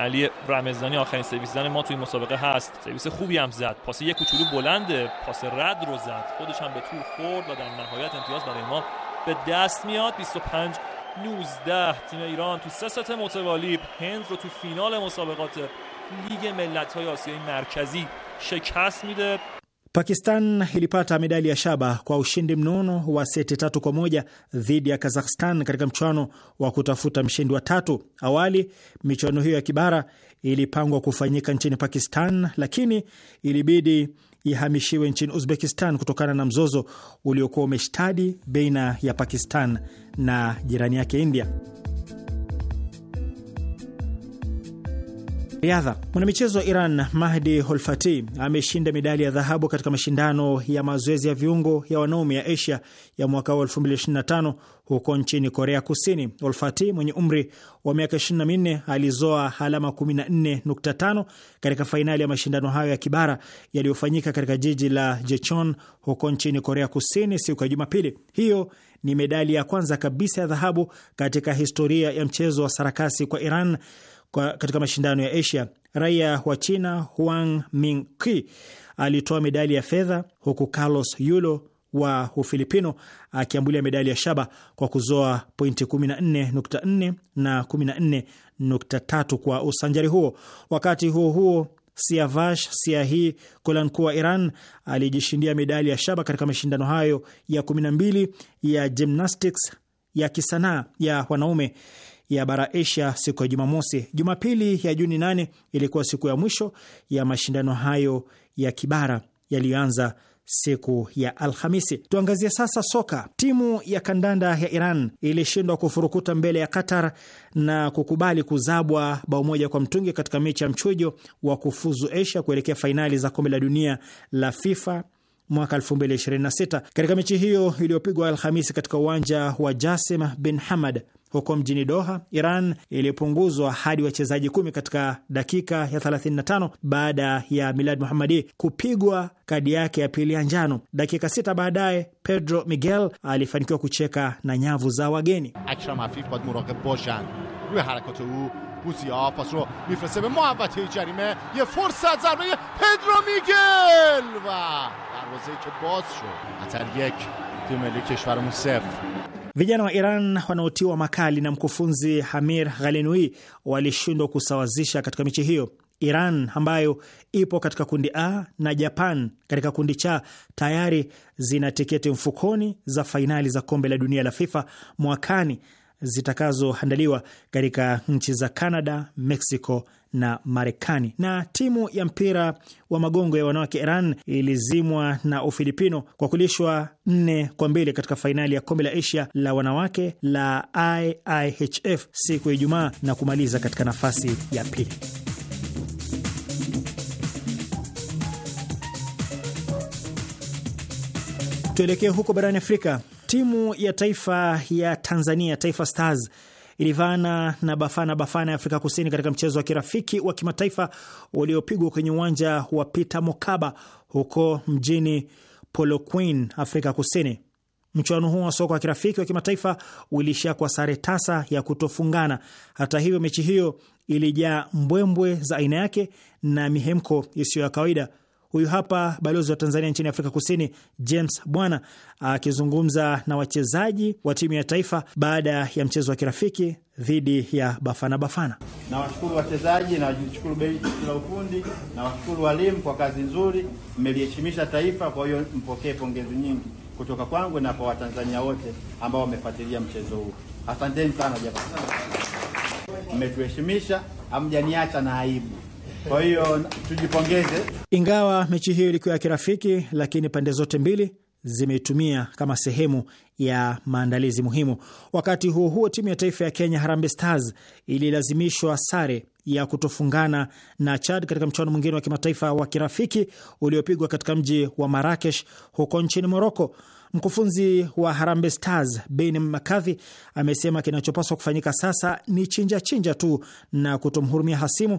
علی رمزدانی آخرین زن ما توی مسابقه هست سرویس خوبی هم زد پاس یک کوچولو بلند پاس رد رو زد خودش هم به تو خورد و در نهایت امتیاز برای ما به دست میاد 25 19 تیم ایران تو سه ست متوالی هند رو تو فینال مسابقات لیگ ملت‌های آسیای مرکزی شکست میده Pakistan ilipata medali ya shaba kwa ushindi mnono wa seti tatu kwa moja dhidi ya Kazakhstan katika mchuano wa kutafuta mshindi wa tatu. Awali michuano hiyo ya kibara ilipangwa kufanyika nchini Pakistan, lakini ilibidi ihamishiwe nchini Uzbekistan kutokana na mzozo uliokuwa umeshtadi baina ya Pakistan na jirani yake India. riadha. Mwanamichezo wa Iran Mahdi Holfati ameshinda medali ya dhahabu katika mashindano ya mazoezi ya viungo ya wanaume ya Asia ya mwaka wa 2025 huko nchini Korea Kusini. Holfati mwenye umri wa miaka 24 alizoa alama 14.5 katika fainali ya mashindano hayo ya kibara yaliyofanyika katika jiji la Jechon huko nchini Korea Kusini siku ya Jumapili. Hiyo ni medali ya kwanza kabisa ya dhahabu katika historia ya mchezo wa sarakasi kwa Iran kwa katika mashindano ya Asia. Raia wa China Huang Mingqi alitoa medali ya fedha, huku Carlos Yulo wa Ufilipino akiambulia medali ya shaba kwa kuzoa pointi 14.4 na 14.3 kwa usanjari huo. Wakati huo huo, Siavash Siahi Kolanku wa Iran alijishindia medali ya shaba katika mashindano hayo ya 12 ya gymnastics ya kisanaa ya wanaume ya bara Asia siku ya Jumamosi. Jumapili ya Juni nane ilikuwa siku ya mwisho ya mashindano hayo ya kibara yaliyoanza siku ya Alhamisi. Tuangazie sasa soka. Timu ya kandanda ya Iran ilishindwa kufurukuta mbele ya Qatar na kukubali kuzabwa bao moja kwa mtungi katika mechi ya mchujo wa kufuzu Asia kuelekea fainali za kombe la dunia la FIFA mwaka 2026. Katika mechi hiyo iliyopigwa Alhamisi katika uwanja wa Jasim bin Hamad huko mjini Doha, Iran ilipunguzwa hadi wachezaji kumi katika dakika ya 35 baada ya Milad Muhammadi kupigwa kadi yake ya pili ya njano. Dakika sita baadaye Pedro Miguel alifanikiwa kucheka na nyavu za wageni. Akram Afif bad muraqib harakat u pas ro mifreste be jarime ye forsat zarbe Pedro Miguel va ke baz shod yek Vijana wa Iran wanaotiwa makali na mkufunzi Hamir Ghalenui walishindwa kusawazisha katika mechi hiyo. Iran ambayo ipo katika kundi A na Japan katika kundi cha tayari zina tiketi mfukoni za fainali za kombe la dunia la FIFA mwakani zitakazoandaliwa katika nchi za Canada, Mexico na Marekani. Na timu ya mpira wa magongo ya wanawake Iran ilizimwa na Ufilipino kwa kulishwa nne kwa mbili katika fainali ya kombe la Asia la wanawake la IIHF siku ya Ijumaa na kumaliza katika nafasi ya pili. Tuelekee huko barani Afrika. Timu ya taifa ya Tanzania, Taifa Stars ilivana na Bafana Bafana ya Afrika Kusini katika mchezo wa kirafiki wa kimataifa uliopigwa kwenye uwanja wa Peter Mokaba huko mjini Polokwane, Afrika Kusini. Mchuano huo wa soka wa kirafiki wa kimataifa uliishia kwa sare tasa ya kutofungana. Hata hivyo, mechi hiyo ilijaa mbwembwe za aina yake na mihemko isiyo ya kawaida. Huyu hapa balozi wa Tanzania nchini Afrika Kusini, James Bwana, akizungumza na wachezaji wa timu ya taifa baada ya mchezo wa kirafiki dhidi ya Bafana Bafana. Nawashukuru wachezaji, nawashukuru benchi la ufundi, nawashukuru walimu kwa kazi nzuri, mmeliheshimisha taifa. Kwa hiyo mpokee pongezi nyingi kutoka kwangu na kwa Watanzania wote ambao wamefuatilia mchezo huu. Asanteni sana jamani, mmetuheshimisha, hamjaniacha na aibu. Kwa hiyo tujipongeze, ingawa mechi hiyo ilikuwa ya kirafiki, lakini pande zote mbili zimeitumia kama sehemu ya maandalizi muhimu. Wakati huo huo, timu ya taifa ya Kenya, Harambee Stars, ililazimishwa sare ya kutofungana na Chad katika mchuano mwingine wa kimataifa wa kirafiki uliopigwa katika mji wa Marakesh huko nchini Moroko. Mkufunzi wa Harambee Stars Ben McCarthy amesema kinachopaswa kufanyika sasa ni chinja chinja tu na kutomhurumia hasimu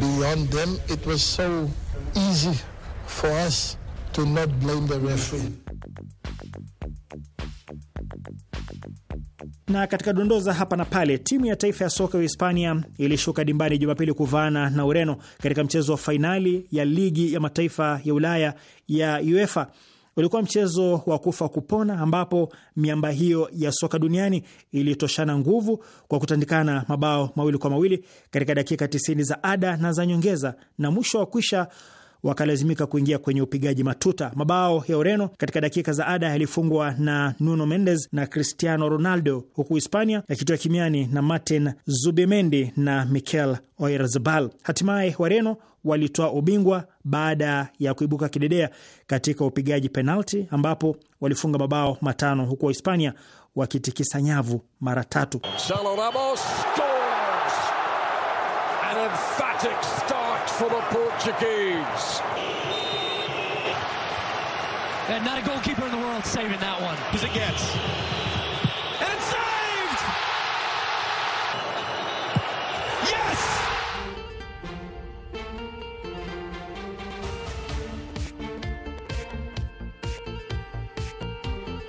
beyond them, it was so easy for us to not blame the referee. Na katika dondoza hapa na pale, timu ya taifa ya soka ya Hispania ilishuka dimbani Jumapili kuvaana na Ureno katika mchezo wa fainali ya ligi ya mataifa ya Ulaya ya UEFA ulikuwa mchezo wa kufa kupona, ambapo miamba hiyo ya soka duniani ilitoshana nguvu kwa kutandikana mabao mawili kwa mawili katika dakika 90 za ada na za nyongeza, na mwisho wa kwisha wakalazimika kuingia kwenye upigaji matuta. Mabao ya Ureno katika dakika za ada yalifungwa na Nuno Mendes na Cristiano Ronaldo, huku Hispania yakitoa kimiani na Martin Zubimendi na Mikel Oyarzabal. Hatimaye Wareno walitoa ubingwa baada ya kuibuka kidedea katika upigaji penalti, ambapo walifunga mabao matano huku Wahispania wakitikisa nyavu mara tatu worked for the Portuguese. And not a goalkeeper in the world saving that one. Because it gets. And saved! Yes!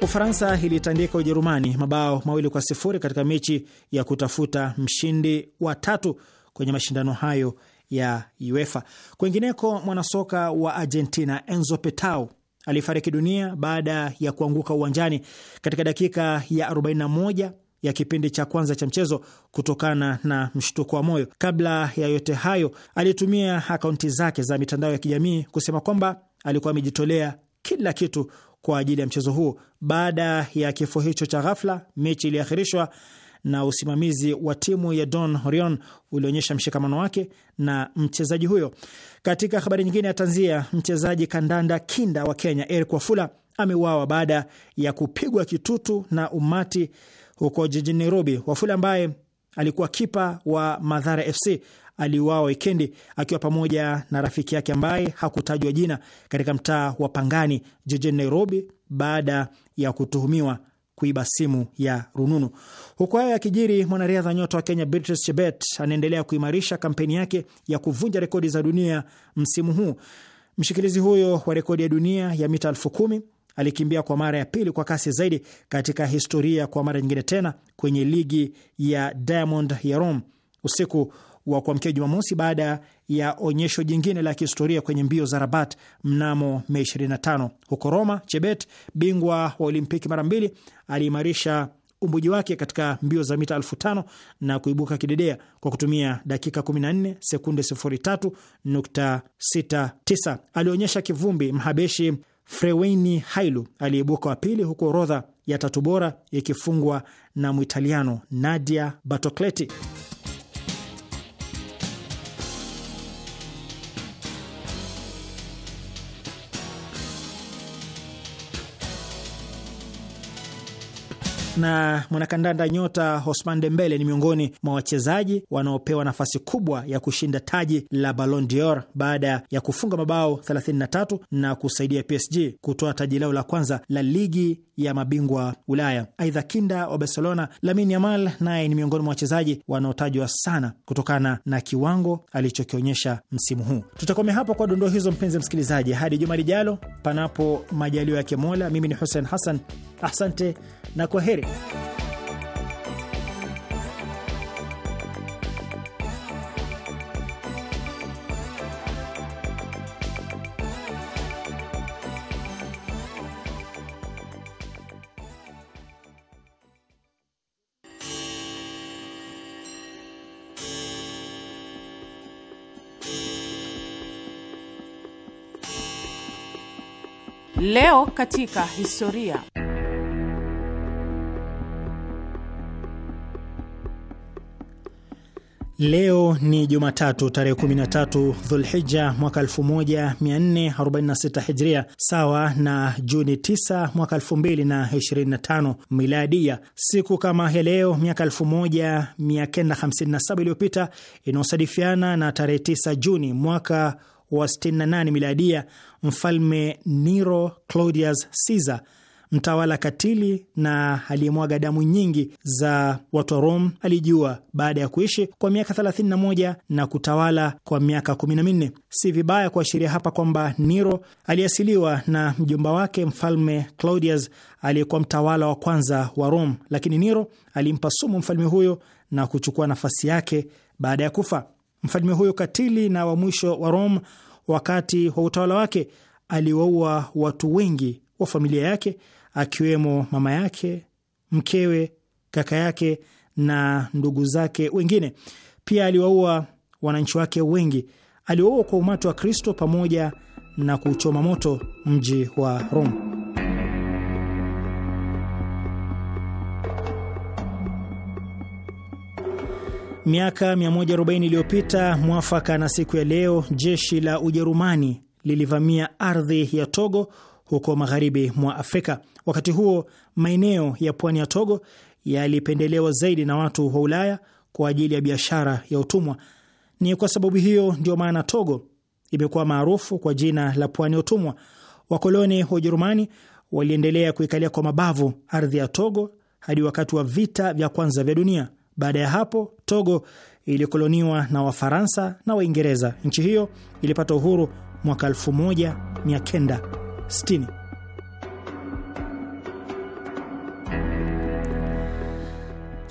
Ufaransa ilitandika Ujerumani mabao mawili kwa sifuri katika mechi ya kutafuta mshindi wa tatu kwenye mashindano hayo ya UEFA. Kwingineko, mwanasoka wa Argentina Enzo Petao alifariki dunia baada ya kuanguka uwanjani katika dakika ya 41 ya kipindi cha kwanza cha mchezo kutokana na mshtuko wa moyo. Kabla ya yote hayo, alitumia akaunti zake za mitandao ya kijamii kusema kwamba alikuwa amejitolea kila kitu kwa ajili ya mchezo huo. Baada ya kifo hicho cha ghafla, mechi iliahirishwa na usimamizi wa timu ya Don Horion ulionyesha mshikamano wake na mchezaji huyo. Katika habari nyingine ya tanzia, mchezaji kandanda kinda wa Kenya Eric Wafula ameuawa baada ya kupigwa kitutu na umati huko jijini Nairobi. Wafula ambaye alikuwa kipa wa Madhara FC aliuawa wikendi akiwa pamoja na rafiki yake ambaye hakutajwa jina katika mtaa wa Pangani jijini Nairobi baada ya kutuhumiwa kuiba simu ya rununu. Huku hayo yakijiri, mwanariadha nyota wa Kenya Beatrice Chebet anaendelea kuimarisha kampeni yake ya kuvunja rekodi za dunia msimu huu. Mshikilizi huyo wa rekodi ya dunia ya mita elfu kumi alikimbia kwa mara ya pili kwa kasi zaidi katika historia kwa mara nyingine tena kwenye ligi ya Diamond ya Rome usiku wa kuamkia Jumamosi baada ya onyesho jingine la kihistoria kwenye mbio za Rabat mnamo Mei 25. Huko Roma, Chebet, bingwa wa Olimpiki mara mbili, aliimarisha umbuji wake katika mbio za mita elfu tano na kuibuka kidedea kwa kutumia dakika 14 sekunde 03.69. Alionyesha kivumbi Mhabeshi Freweni Hailu aliyeibuka wa pili, huku orodha ya tatu bora ikifungwa na Mwitaliano Nadia Batocleti. na mwanakandanda nyota Hosman Dembele ni miongoni mwa wachezaji wanaopewa nafasi kubwa ya kushinda taji la Ballon d'Or baada ya kufunga mabao 33 na kusaidia PSG kutoa taji lao la kwanza la ligi ya mabingwa Ulaya. Aidha, kinda wa Barcelona Lamin Yamal naye ni miongoni mwa wachezaji wanaotajwa sana kutokana na kiwango alichokionyesha msimu huu. Tutakomea hapo kwa dondoo hizo, mpenzi msikilizaji, hadi juma lijalo, panapo majalio yake Mola. Mimi ni Hussein Hassan, asante na kwa heri. Leo katika historia. Leo ni Jumatatu tarehe 13 Dhulhija mwaka 1446 Hijria, sawa na Juni 9 mwaka 2025 Miladia. Siku kama ya leo miaka 1957 iliyopita inaosadifiana na tarehe 9 Juni mwaka wa 68 Miladia, mfalme Nero Claudius Caesar mtawala katili na aliyemwaga damu nyingi za watu wa Rome alijua baada ya kuishi kwa miaka 31 na kutawala kwa miaka 14. Si vibaya kuashiria hapa kwamba Nero aliasiliwa na mjomba wake mfalme Claudius aliyekuwa mtawala wa kwanza wa Rome, lakini Nero alimpa sumu mfalme huyo na kuchukua nafasi yake baada ya kufa. Mfalme huyo katili na wa mwisho wa Rome, wakati wa utawala wake aliwaua watu wengi wa familia yake akiwemo mama yake, mkewe, kaka yake na ndugu zake wengine. Pia aliwaua wananchi wake wengi. Aliwaua kwa umati wa Kristo pamoja na kuchoma moto mji wa Roma. Miaka 140 iliyopita mwafaka na siku ya leo, jeshi la Ujerumani lilivamia ardhi ya Togo huko magharibi mwa Afrika. Wakati huo maeneo ya pwani ya Togo yalipendelewa zaidi na watu wa Ulaya kwa ajili ya biashara ya utumwa. Ni kwa sababu hiyo ndio maana Togo imekuwa maarufu kwa jina la pwani ya utumwa. Wakoloni wa Ujerumani waliendelea kuikalia kwa mabavu ardhi ya Togo hadi wakati wa vita vya kwanza vya dunia. Baada ya hapo, Togo ilikoloniwa na Wafaransa na Waingereza. Nchi hiyo ilipata uhuru mwaka 1960.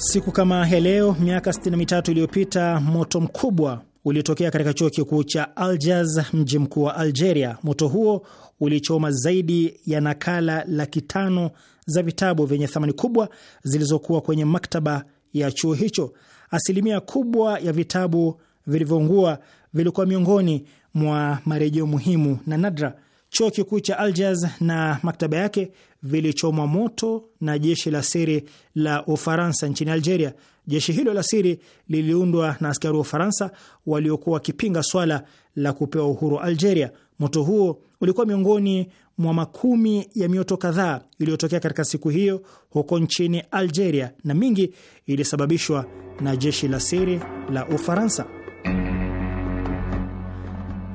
Siku kama ya leo miaka 63 iliyopita moto mkubwa uliotokea katika chuo kikuu cha Algiers, mji mkuu wa Algeria. Moto huo ulichoma zaidi ya nakala laki tano za vitabu vyenye thamani kubwa zilizokuwa kwenye maktaba ya chuo hicho. Asilimia kubwa ya vitabu vilivyoungua vilikuwa miongoni mwa marejeo muhimu na nadra. Chuo kikuu cha Algiers na maktaba yake vilichomwa moto na jeshi la siri la Ufaransa nchini Algeria. Jeshi hilo la siri liliundwa na askari wa Ufaransa waliokuwa wakipinga swala la kupewa uhuru Algeria. Moto huo ulikuwa miongoni mwa makumi ya mioto kadhaa iliyotokea katika siku hiyo huko nchini Algeria, na mingi ilisababishwa na jeshi la siri la Ufaransa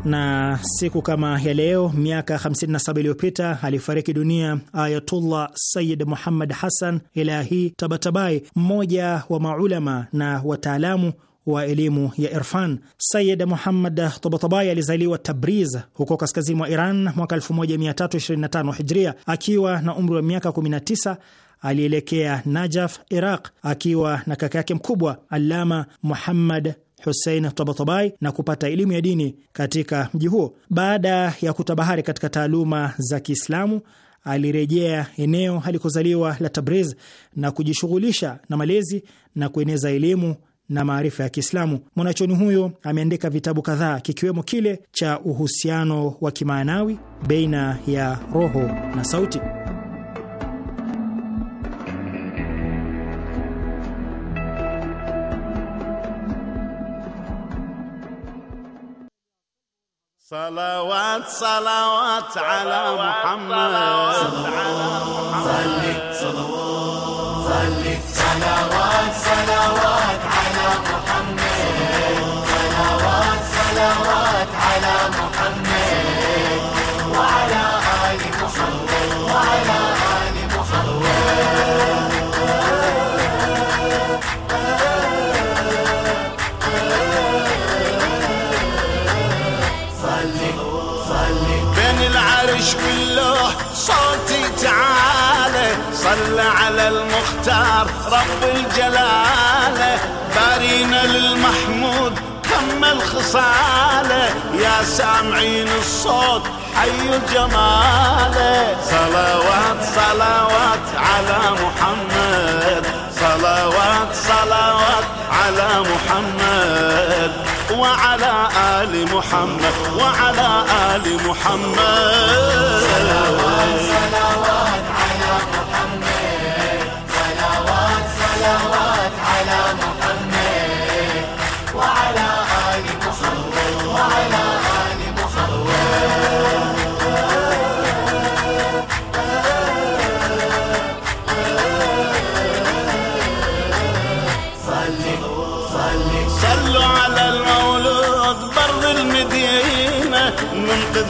na siku kama ya leo miaka 57 iliyopita alifariki dunia Ayatullah sayid Muhammad Hassan Ilahi Tabatabai, mmoja wa maulama na wataalamu wa elimu ya irfan. Sayid Muhammad Tabatabai alizaliwa Tabriz huko kaskazini mwa Iran mwaka 1325 Hijria. Akiwa na umri wa miaka 19 alielekea Najaf, Iraq, akiwa na kaka yake mkubwa Allama Muhammad Hussein Tabatabai na kupata elimu ya dini katika mji huo. Baada ya kutabahari katika taaluma za Kiislamu, alirejea eneo alikozaliwa la Tabriz na kujishughulisha na malezi na kueneza elimu na maarifa ya Kiislamu. Mwanachoni huyo ameandika vitabu kadhaa kikiwemo kile cha uhusiano wa kimaanawi baina ya roho na sauti. صلوات صلوات على محمد صلوات على صلوات صلوات المختار رب الجلالة بارينا للمحمود تم الخصالة يا سامعين الصوت حي الجمالة صلوات صلوات على محمد صلوات صلوات على محمد وعلى آل محمد وعلى آل محمد صلوات صلوات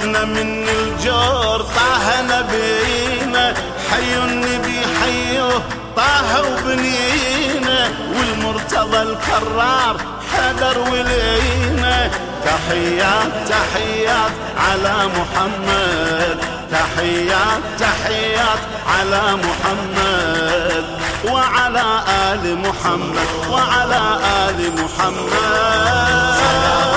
خدنا من الجور طه نبينا حي النبي حيه طه وبنينا والمرتضى الكرار حذر ولينا تحيات تحيات على محمد تحيات تحيات على محمد وعلى آل محمد وعلى آل محمد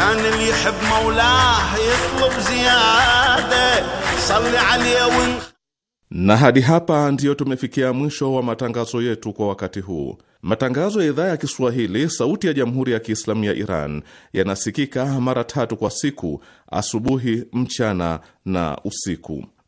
كان اللي يحب مولاه يطلب زيادة صلي عليه ون... na hadi hapa ndiyo tumefikia mwisho wa matangazo yetu kwa wakati huu. Matangazo ya idhaa ya Kiswahili sauti ya jamhuri ya Kiislamu ya Iran yanasikika mara tatu kwa siku: asubuhi, mchana na usiku.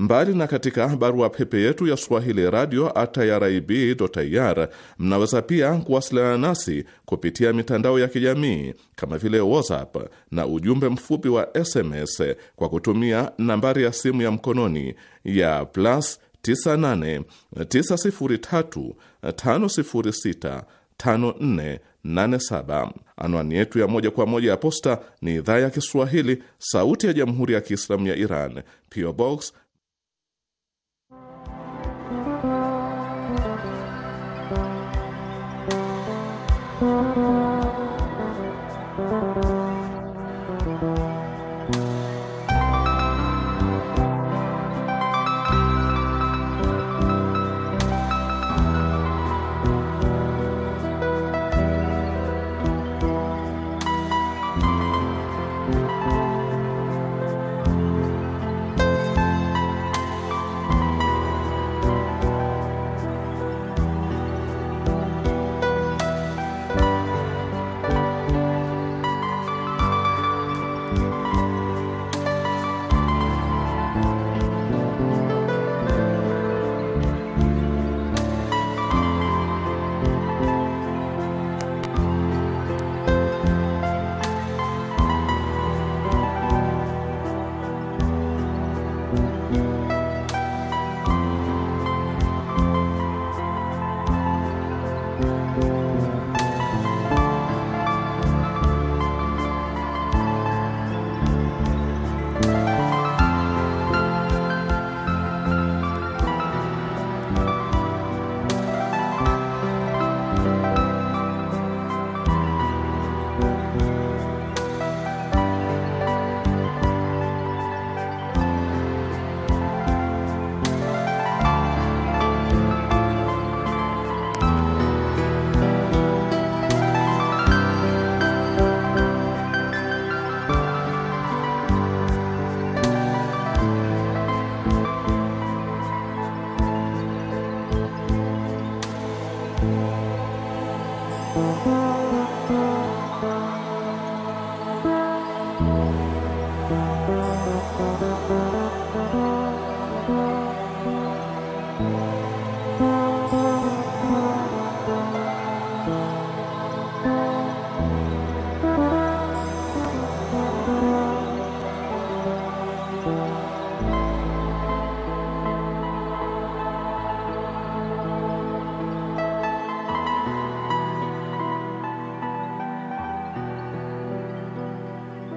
Mbali na katika barua pepe yetu ya swahili radio at irib.ir, mnaweza pia kuwasiliana nasi kupitia mitandao ya kijamii kama vile WhatsApp na ujumbe mfupi wa SMS kwa kutumia nambari ya simu ya mkononi ya plus 98 903 506 5487. Anwani yetu ya moja kwa moja ya posta ni idhaa ya Kiswahili, sauti ya jamhuri ya kiislamu ya Iran, PO Box